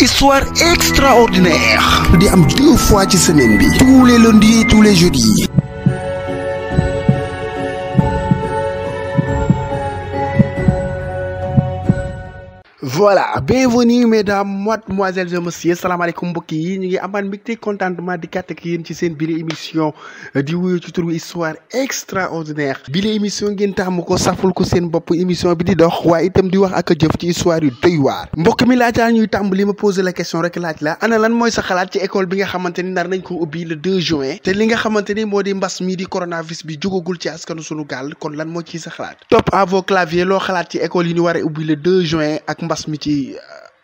histoire extraordinaire di am deux fois ci semaine bi tous les lundis et tous les jeudis voilà bienvenue mesdames mademoiselles et messieurs salaamaaleykum mbokk yi ñu ngi amaan mbégte contentement di kàtt ak yéen ci seen bile émission di wuyu ci turu histoire extraordinaire bile émission ngeen taamu ko saful ko seen bopp émission bi di dox waaye itam di wax ak a jëf ci histoire yu doy waar mbokk mi laajaa ñuy tàmbali ma posé la question rek laaj la ana lan mooy sa xalaat ci école bi nga xamante ni nar nañ ko ubbi le 2 juin te li nga xamante ni moo di mbas mii di coronavirus bi jógagul ci askanu sunu gaal kon lan moo ci sa xalaat top à vos ci école yi ñu war a ubbi le 2 mbas mi ci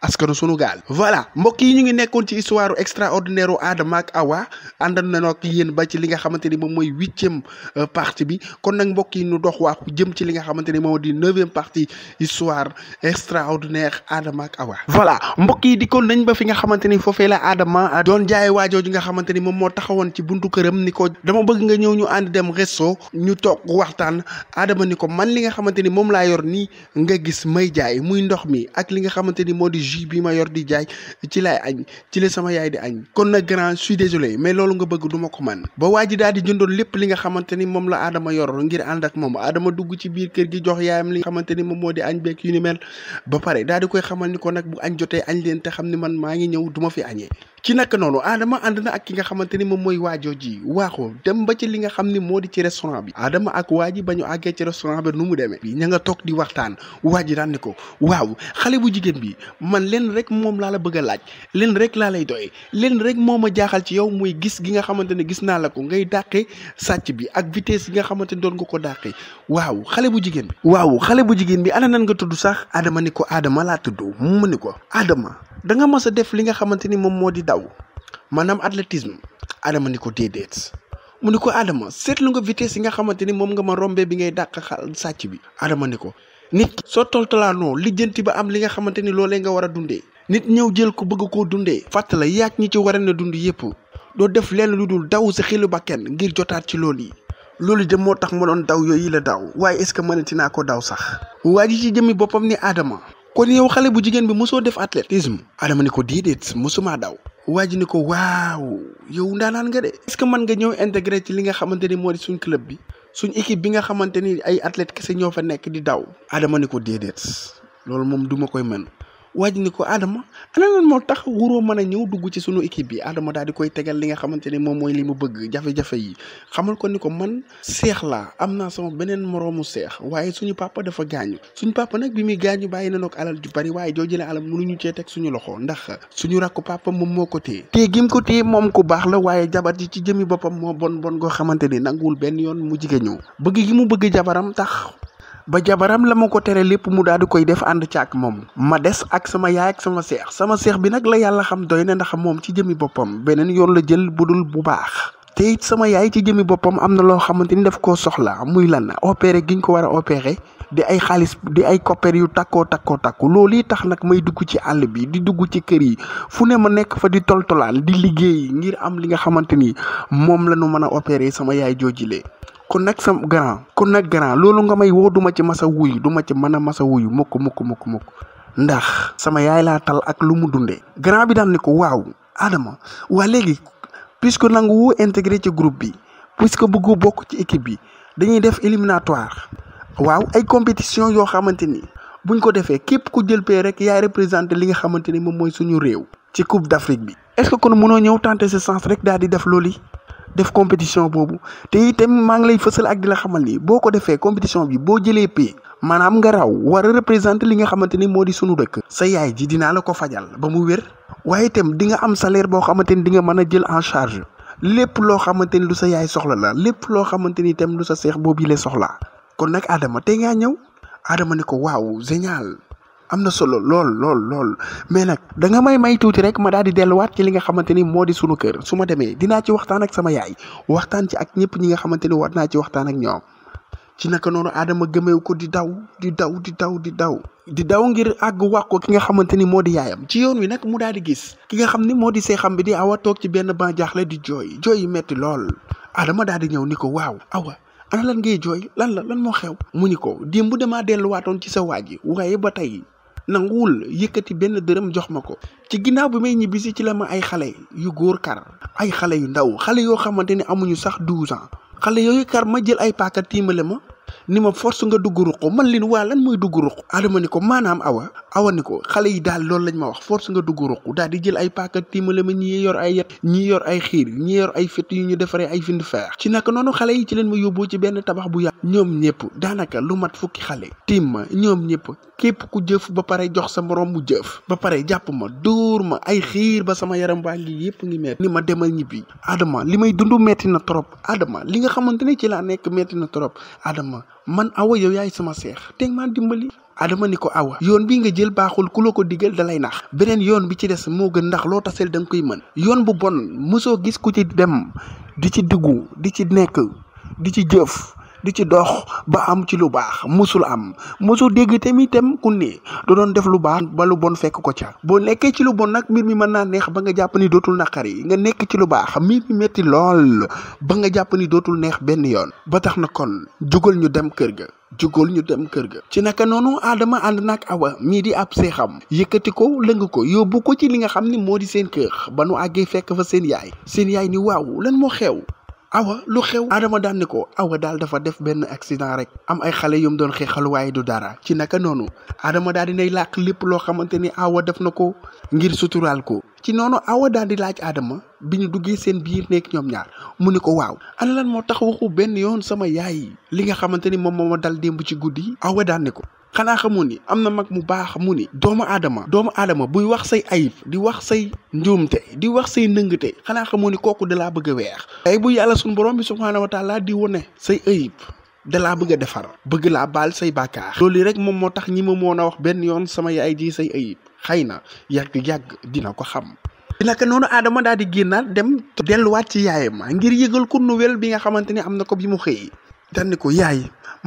askanu sunu gaal voilà mbokk yi ñu ngi nekkoon ci histoire extraordinaire u Adama ak Awa àndan na ak yéen ba ci li nga xamante ni moom mooy huitième euh, partie bi kon nag mbokk yi ñu dox wax jëm ci li nga xamante ni moom di neuvième partie histoire extraordinaire Adama ak Awa voilà mbokk yi di ko nañ ba fi nga xamante ni foofee la Adama doon jaaye waajoo ji nga xamante ni moom moo taxawoon ci buntu këram ni ko dama bëgg nga ñëw ñu ànd dem resto ñu toog waxtaan Adama ni ko man li nga xamante ni moom laa yor nii nga gis may jaay muy ndox mi ak li nga xamante moo di jus bi ma yor di jaay ci laay añ ci la sama yaay di añ kon na grand suis désolé mais loolu nga bëgg duma ko man ba waa ji daal di jëndoon lépp li nga xamante ni moom la Adama yor ngir ànd ak moom Adama dugg ci biir kër gi jox yaayam li nga xamante ni moom moo di añ beeg yu ni mel ba pare daal di koy xamal ni ko nag bu añ jotee añ leen te xam ni man maa ngi ñëw duma fi añee ci naka noonu Adama ànd na ak ki nga xamante ni moom mooy waajoo ji waaxoo dem ba ci li nga xam ni moo di ci restaurant bi Adama ak waa ji ba ñu àggee ci restaurant bi demee bi ña nga toog di waxtaan waa ji daan ni ko waaw xale bu jigéen bi man leen rek moom laa la bëgg a laaj leen rek laa lay doy leen rek moo ma jaaxal ci yow muy gis gi nga xamante ne gis naa la ko ngay dàqe sàcc bi ak vitesse yi nga xamante ni doon nga ko dàqe waaw xale bu jigéen bi waaw xale bu jigéen bi ana nan nga tudd sax Adama ni ko Adama laa tudd mu ni ko Adama da nga moo di daw daw maanaam athlétisme Adama ni ko déedéet mu ni ko Adama seetlu nga vitesse yi nga xamante ni moom nga ma rombee bi ngay dàq xal sàcc bi Adama ni ko nit soo toltalaanoo lijjanti ba am li nga xamante ni loolee nga war a dundee nit ñëw jël ko bëgg koo dundee fàttala yaag ñi ci war a na dund yépp doo def lenn lu dul daw sa xilu ba kenn ngir jotaat ci loolu yi loolu de moo tax ma doon daw yooyu la daw waaye est-ce que mënati naa ko daw sax waa ji ci jëmmi boppam ni Adama kon yow xale bu jigéen bi mosoo def athlétisme Adama ni ko déedéet mosumaa daw waa ji ni ko waaw yow ndaanaan nga de. est-ce que mën nga ñëw intégré ci li nga xamante ni moo di suñ club bi suñ équipe bi nga xamante ni ay athlètes kese ñoo fa nekk di daw. Adama ni ko déedéet loolu moom duma koy mën. waaj ni ko Adama ana lan moo tax wuroo mën a ñëw dugg ci suñu équipe bi Adama daal di koy tegal li nga xamante ne moom mooy li mu bëgg jafe-jafe yi xamal ko ni ko man seex laa am naa sama beneen moroomu seex waaye suñu papa dafa gaañu suñu papa nag bi muy gaañu bàyyi na ak alal bari waaye jooju la alal mënuñu cee teg suñu loxo ndax suñu rakku papa moom moo ko tee téye ko téye moom ku baax la waaye jabar ji ci jëmi boppam moo bon bon goo xamante ni nanguwul benn yoon mu jigéen ñëw bëgg gi mu bëgg jabaram tax ba jabaram la ma ko tere lépp mu daal di koy def ànd ci ak moom ma des ak sama yaay ak sama seex sama seex bi nag la yàlla xam doy na ndax moom ci jëmi boppam beneen yoon la jël bu dul bu baax tey sama yaay ci jëmmi boppam am na loo xamante ni daf koo soxla muy lan gi giñ ko war a opéré di ay xaalis di ay koppeer yu takkoo takkoo takku loolu yi tax nag may dugg ci àll bi di dugg ci kër yi fu ne ma nekk fa di toltolaan di liggéey ngir am li nga xamante ni moom la ñu mën a opéré sama yaay joojilee kon nag sam grand kon nag grand loolu nga may woo duma ci masa wuyu duma ci mën a masa wuyu mukk mukk mukk mukk ndax sama yaay laa tal ak lu mu dundee grand bi daal ni ko waaw Adama waa léegi puisque nangu woo intégré ci groupe bi puisque bëggoo bokk ci équipe bi dañuy def éliminatoire waaw ay compétition yoo xamante ni buñ ko defee képp ku jël pay rek yaay représenté li nga xamante ni moom mooy suñu réew ci coupe d'Afrique bi est-ce que kon mënoo ñëw tenter ce sens rek daal di def loolu def compétition boobu te itam maa ngi lay fësal ak di la xamal ni boo ko defee compétition bi boo jëlee pay maanaam nga raw war représenter li nga xamante ni moo di suñu dëkk. sa yaay ji dinaa la ko fajal ba mu wér waaye itam di nga am salaire boo xamante ni di nga mën a jël en charge lépp loo xamante ni lu sa yaay soxla la lépp loo xamante ni itam lu sa seex boobu yi la soxla kon nag Adama tey ngaa ñëw Adama ne ko waaw génial am na solo lool lool lool mais nag da nga may may tuuti rek ma daal di delluwaat ci li nga xamante ni moo di sunu kër su ma demee dinaa ci waxtaan ak sama yaay waxtaan ci ak ñëpp ñi nga xamante ni war naa ci waxtaan ak ñoom ci naka noonu aadama gëmeew ko di daw di daw di daw di daw di daw ngir àgg wax ko ki nga xamante ni moo di yaayam ci yoon wi nag mu daal di gis ki nga xam ni moo di xam bi di awa toog ci benn ban jaaxle di jooy jooy yi metti lool aadama daal di ñëw ni ko waaw awa ana lan ngay jooy lan la lan moo xew mu ni ko démb damaa delluwaatoon ci sa waaj yi waaye ba tey nanguwul yëkkati benn dërëm jox ma ko ci ginnaaw bi may ñibbisi ci la ma ay xale yu góor kar ay xale yu ndaw xale yoo xamante ne amuñu sax douze ans xale yooyu kar ma jël ay paaka tiimale ma ni ma force nga dugg ruq man leen waa lan mooy dugg ruq adama ni ko maanaam awa awa ni ko xale yi daal loolu lañ ma wax force nga dugg ruq daal di jël ay paaka tiimale ma ñii yor ay yat ñi yor ay xiir ñi yor ay fett yu ñu defaree ay find feex ci naka noonu xale yi ci leen ma yóbboo ci benn tabax bu yàgg ñoom ñëpp daanaka lu mat fukki xale tiim ma ñoom ñëpp képp ku jëf ba pare jox sa morom bu jëf ba pare jàpp ma dóor ma ay xiir ba sama yaram baa ngi yëpp ngi metti ni ma demal ñibbi adama li may dund metti na trop adama li nga xamante ne ci laa nekk metti na trop adama man awa yow yaay sama seex teg maa dimbali adama ni ko awa yoon bi nga jël baaxul ku la ko digal dalay nax beneen yoon bi ci des moo gën ndax loo taseel da nga koy mën yoon bu bon mosoo gis ku ci dem di ci diggu di ci nekk di ci jëf di ci dox ba am ci lu baax musul am musul dégg tamit itam ku ne da doon def lu baax ba lu bon fekk ko ca boo nekkee ci lu bon nag mbir mi mën naa neex ba nga jàpp ni dootul yi nga nekk ci lu baax mbir mi metti lool ba nga jàpp ni dootul neex benn yoon ba tax na kon jugal ñu dem kër ga jógal ñu dem kër ga ci naka noonu Adama ànd naag Awa mii di ab seexam yëkkati ko lëng ko yóbbu ko ci li nga xam ni moo di seen kër ba nu àggee fekk fa seen yaay seen yaay ni waaw lan moo xew awa lu xew Adama daan ne ko awa daal dafa def benn accident rek am ay xale yum doon xeexal waaye du dara ci naka noonu Adama daal dinay làq lépp loo xamante ni awa def na ko ngir suturaal ko ci noonu awa daal di laaj Adama bi ñu duggee seen biir nekk ñoom ñaar mu ni ko waaw ana lan moo tax waxu benn yoon sama yaay li nga xamante ni moom moo ma dal démb ci guddi awa daan ne ko xanaa xamoon ni am na mag mu baax mu ni doomu aadama doomu aadama buy wax say ayib di wax say njuumte di wax say ndëngte xanaa xamoon ni kooku dalaa bëgg weex tey bu yàlla suñu borom bi subhaanahu wa taala di wone say ayib dalaa bëgg a defar bëgg laa baal say bàkkaar loolu rek moom moo tax ñi ma moon a wax benn yoon sama yaay ji say ayib xëy na yàgg-yàgg dina ko xam naka noonu aadama daal di génnaat dem delluwaat ci yaayam ngir yëgal ko nouvelle bi nga xamante ni am na ko bi mu xëy daan ne ko yaay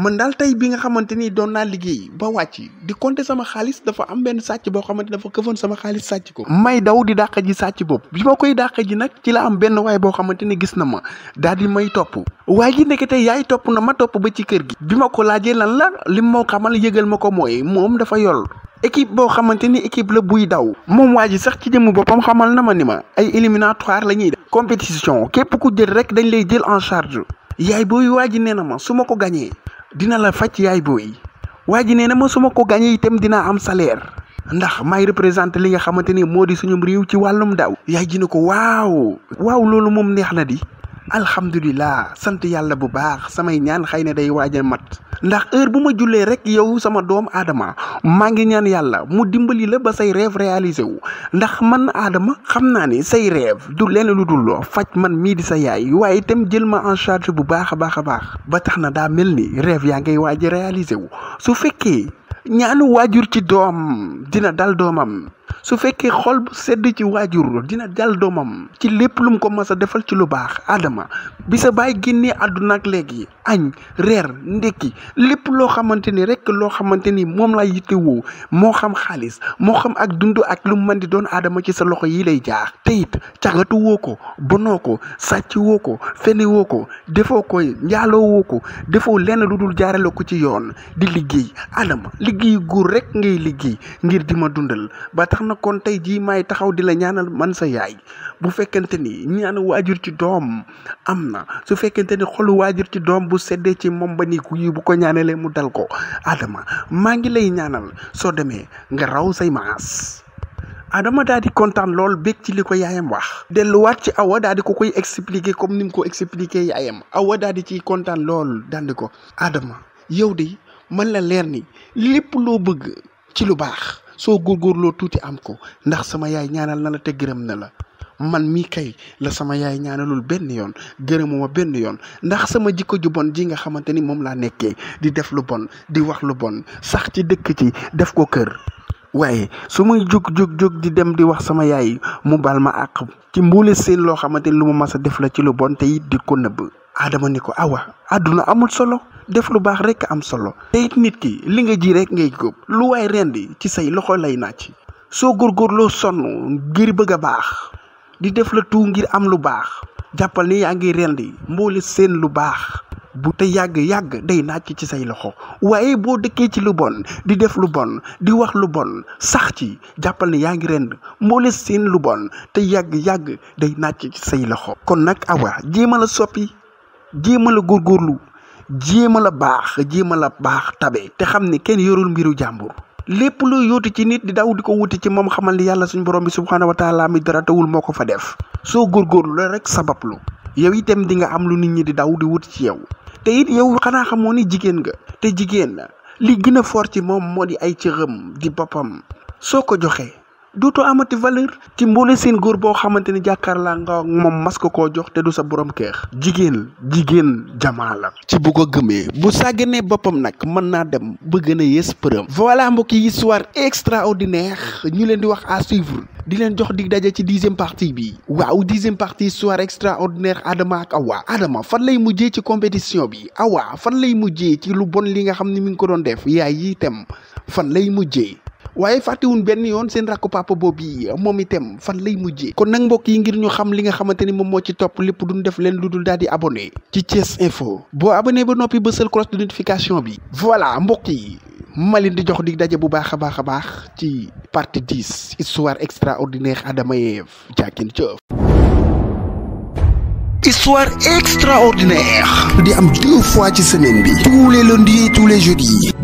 man daal tey bi nga xamante ni doon naa liggéey ba wàcc di compter sama xaalis dafa am benn sàcc boo xamante dafa këfoon sama xaalis sàcc ko. may daw di dàq ji sàcc bopp bi ma koy dàq ji nag ci la am benn waay boo xamante ni gis na ma daal di may topp waaye ji nekk tey yaay topp na ma topp ba ci kër gi. bi ma ko laajee lan la li moo xamal yëgal ma ko mooy moom dafa yor. équipe boo xamante ni équipe la buy daw moom waa ji sax ci jëmm boppam xamal na ma ni ma ay éliminatoire la ñuy def compétition képp ku jël rek dañ lay jël en charge yaay booy waa ji nee na ma su ma ko gañee dina la faj yaay booy waa ji nee na ma su ma ko gañee itam dinaa am salaire ndax may représenté li nga xamante ni moo di suñum réew ci wàllum daw yaay ji ne ko waaw waaw loolu moom neex na di alhamdulilah sant yàlla bu baax samay ñaan xëy na day waaj mat ndax heure bu ma jullee rek yow sama doom aadama maa ngi ñaan yàlla mu dimbali la ba say rêve réalisé wu ndax man aadama xam naa ni say rêve du leen lu dul loo faj man mii di sa yaay waaye itam jël ma en charge bu baax a baax a baax ba tax na daa mel ni rêve yaa ngay waaj a réalisé wu su fekkee ñaanu waajur ci doom dina dal doomam su fekkee xol bu sedd ci waajur dina dal doomam ci lépp lum ko mas a defal ci lu baax Adama bi sa baay génnee àdduna ak léegi añ reer ndekki lépp loo xamante ni rek loo xamante ni moom laa yittewoo moo xam xaalis moo xam ak dund ak lu mu mën di doon aadama ci sa loxo yi lay jaax te it cagatu woo ko bonoo ko sàcc woo ko fene woo ko defoo koy njaaloo woo ko defoo lenn lu dul jaarale ko ci yoon di liggéey aadama liggéey góor rek ngay liggéey ngir di ma dundal tax na kon tey jii maay taxaw di la ñaanal man sa yaay bu fekkente ni ñaanu waajur ci doom am na su fekkente ni xolu waajur ci doom bu seddee ci moom ba ni yi bu ko ñaanalee mu dal ko Adama maa ngi lay ñaanal soo demee nga raw say maas. Adama daal di kontaan lool bég ci li ko yaayam wax delluwaat ci awa daal di ko koy expliquer comme ni mu ko expliquer yaayam awa daal di ciy kontaan lool dandi ko Adama yow di mën la leer ni lépp loo bëgg ci lu baax soo góorgóorloo tuuti am ko ndax sama yaay ñaanal na la te gërëm na la man mii kay la sama yaay ñaanalul benn yoon gërëmuma benn yoon ndax sama jikko ju bon ji nga xamante ni moom laa nekkee di def lu bon di wax lu bon sax ci dëkk ci def ko kër waaye su muy jóg jóg jóg di dem di wax sama yaay mu baal ma àq ci mbuule seen loo xamante ni lu ma mas a def la ci lu bon te it di ko nëbb Adama ni ko awa àdduna amul solo def lu baax rek am solo te nit ki li nga ji rek ngay góob lu waay rendi ci say loxo lay naaj soo góor góorgóorloo sonn ngir bëgg a baax di def la tout ngir am lu baax jàppal ni yaa ngi rendi mboole seen lu baax bu yàgg-yàgg day naaj ci say loxo waaye boo dëkkee ci lu bon di def lu bon di wax lu bon sax ci jàppal yaa ngi rend mboole lu bon te yàgg-yàgg day naaj ci say loxo kon nag awa jéemal a soppi jéemal a góorgóorlu jéema la baax jéema la baax tabe te xam ni kenn yorul mbiru jàmbur lépp lu yootu ci nit di daw di ko wuti ci moom xamal ni yàlla suñ borom bi subhaanahu wa taala mi dara tawul moo ko fa def soo góorgóorlu la rek sabablu yow itam di nga am lu nit ñi di daw di wut ci yow te it yow xanaa xamoo ni jigéen nga te jigéen la li gën a foor ci moom moo di ay cëram di boppam soo ko joxee dootoo amati valeur ci mboole seen góor boo xamante ni jàkkaarlaa nga moom mas ko koo jox te du sa borom keex jigéen jigéen jamaa la ci bu ko gëmee bu sàgganee boppam nag mën naa dem bëgg na a yées përëm voilà mbokki histoire extraordinaire ñu leen di wax à suivre di leen jox di daje ci dixième partie bi waaw dixième partie histoire extraordinaire Adama ak Awa Adama fan lay mujjee ci compétition bi Awa fan lay mujjee ci lu bon li nga xam ni mi ngi ko doon def yaay yi fan lay mujjee waaye fàttewuñ benn yoon seen rakku papa boobu yi moom itam fan lay mujjee kon nag mbokk yi ngir ñu xam li nga xamante ni moom moo ci topp lépp duñ def leen lu dul daal di abonné ci Thiès Info boo abonné ba noppi bësal cloche de notification bi voilà mbokk yi ma leen di jox di daje bu baax a baax a baax ci partie 10 histoire extraordinaire Adama et Ève jaakin cëf histoire extraordinaire di am deux fois ci semaine bi tous les lundis et tous les jeudis